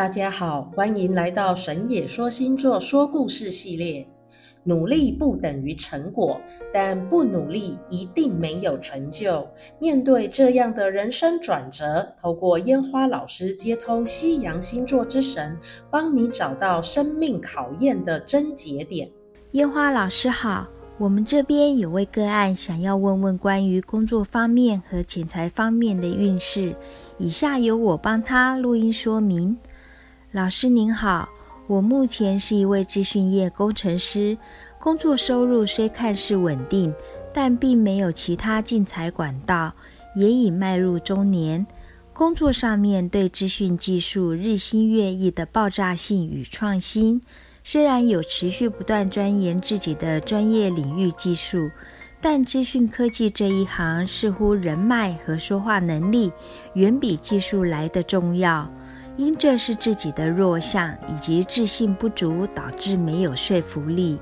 大家好，歡迎來到神野說星座說故事系列。努力不等於成果，但不努力一定沒有成就。面對這樣的人生轉折，透過煙花老師接通西洋星座之神，幫你找到生命考驗的症結點。煙花老師好，我們這邊有位個案想要問問關於工作方面和錢財方面的運勢，以下由我幫他錄音說明。老師您好，我目前是一位資訊業工程師，工作收入雖看似穩定，但並沒有其他進財管道，也已邁入中年。工作上面對資訊技術日新月異的爆炸性與創新，雖然有持續不斷鑽研自己的專業領域技術，但資訊科技這一行似乎人脈和說話能力遠比技術來得重要。因這是自己的弱項，以及自信不足導致沒有說服力，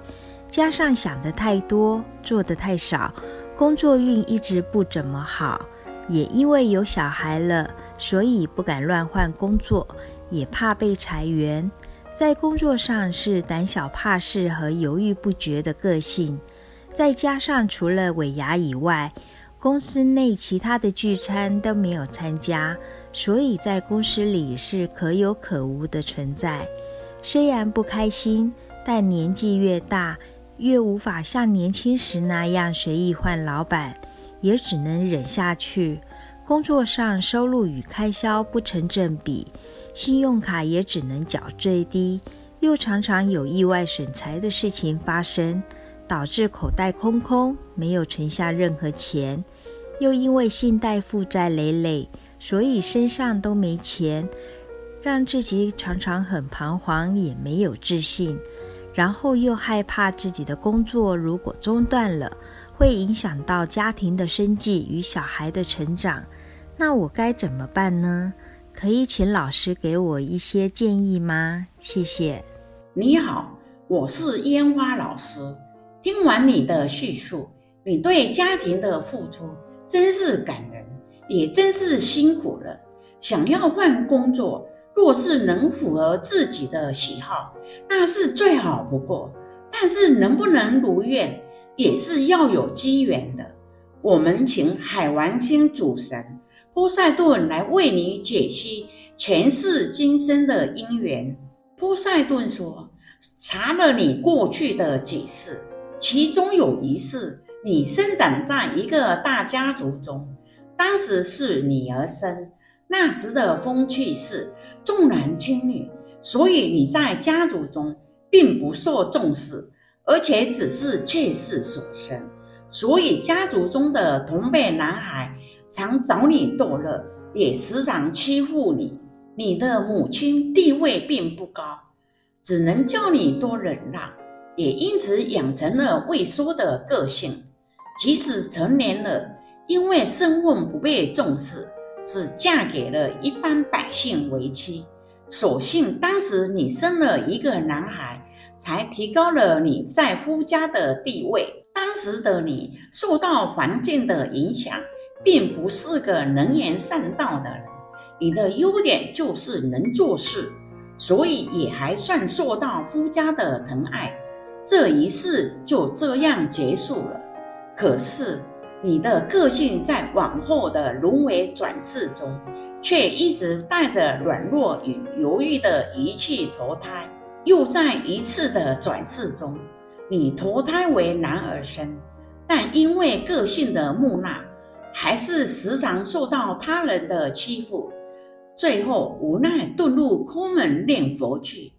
加上想得太多，做得太少，工作運一直不怎麼好。也因為有小孩了，所以不敢亂換工作，也怕被裁員。在工作上是膽小怕事和猶豫不決的個性，再加上除了尾牙以外，公司內其他的聚餐都沒有參加。所以在公司裡是可有可無的存在，雖然不開心，但年紀越大，越無法像年輕時那樣隨意換老板，也只能忍下去。工作上收入與開銷不成正比，信用卡也只能繳最低，又常常有意外損財的事情發生，導致口袋空空，沒有存下任何錢，又因為信貸負債累累。所以身上都沒錢，讓自己常常很彷徨，也沒有自信，然後又害怕自己的工作如果中斷了，會影響到家庭的生計與小孩的成長。那我該怎麼辦呢？可以請老師給我一些建議嗎？謝謝。你好，我是煙花老師。聽完你的敘述，你對家庭的付出真是感人。也真是辛苦了。想要換工作，若是能符合自己的喜好，那是最好不過。但是能不能如願，也是要有機緣的。我們請海王星主神波塞頓來為你解析前世今生的因緣。波塞頓說：“查了你過去的幾世，其中有一世，你生長在一個大家族中。”當時是女兒身，那時的風氣是重男輕女，所以你在家族中並不受重視，而且只是妾室所生，所以家族中的同輩男孩常找你逗樂，也時常欺負你。你的母親地位並不高，只能叫你多忍讓，也因此養成了畏縮的個性。即使成年了。因為身份不被重視，只嫁給了一般百姓為妻。所幸當時你生了一個男孩，才提高了你在夫家的地位。當時的你受到環境的影響，並不是個能言善道的人。你的優點就是能做事，所以也還算受到夫家的疼愛。這一世就這樣結束了。可是，你的個性在往後的輪迴轉世中，卻一直帶着軟弱與猶豫的習氣投胎，又在一次的轉世中，你投胎為男兒身，但因為個性的木訥，還是時常受到他人的欺負，最後無奈遁入空門念佛去，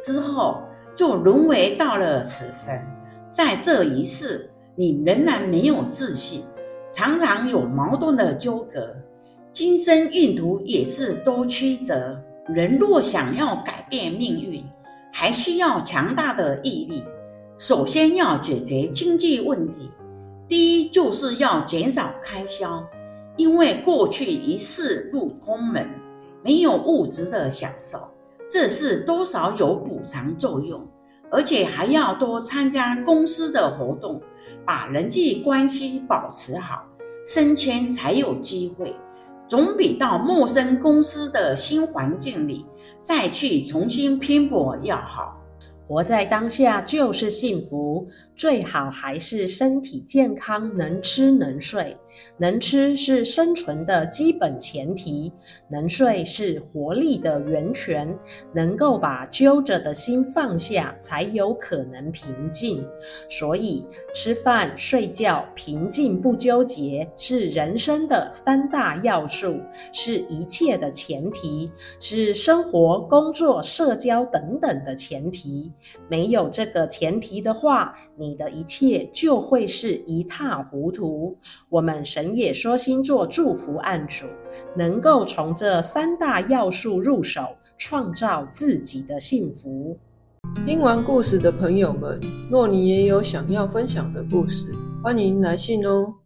之後就輪迴到了此生，在這一世，你仍然沒有自信。常常有矛盾的糾葛，今生運途也是多曲折。人若想要改變命運，還需要強大的毅力。首先要解決經濟問題，第一就是要減少開銷，因為過去一世入空門，沒有物質的享受，這是多少有補償作用。而且還要多參加公司的活動，把人際關係保持好，升遷才有機會，總比到陌生公司的新環境裡再去重新拼搏要好。活在當下就是幸福，最好還是身體健康，能吃能睡。能吃是生存的基本前提，能睡是活力的源泉，能夠把揪着的心放下，才有可能平靜。所以，吃飯、睡覺、平靜不糾結，是人生的三大要素，是一切的前提，是生活、工作、社交等等的前提。沒有這個前提的話，你的一切就會是一塌糊塗。我們。神野說星座祝福案主，能夠從這三大要素入手，創造自己的幸福。聽完故事的朋友們，若你也有想要分享的故事，歡迎來信哦。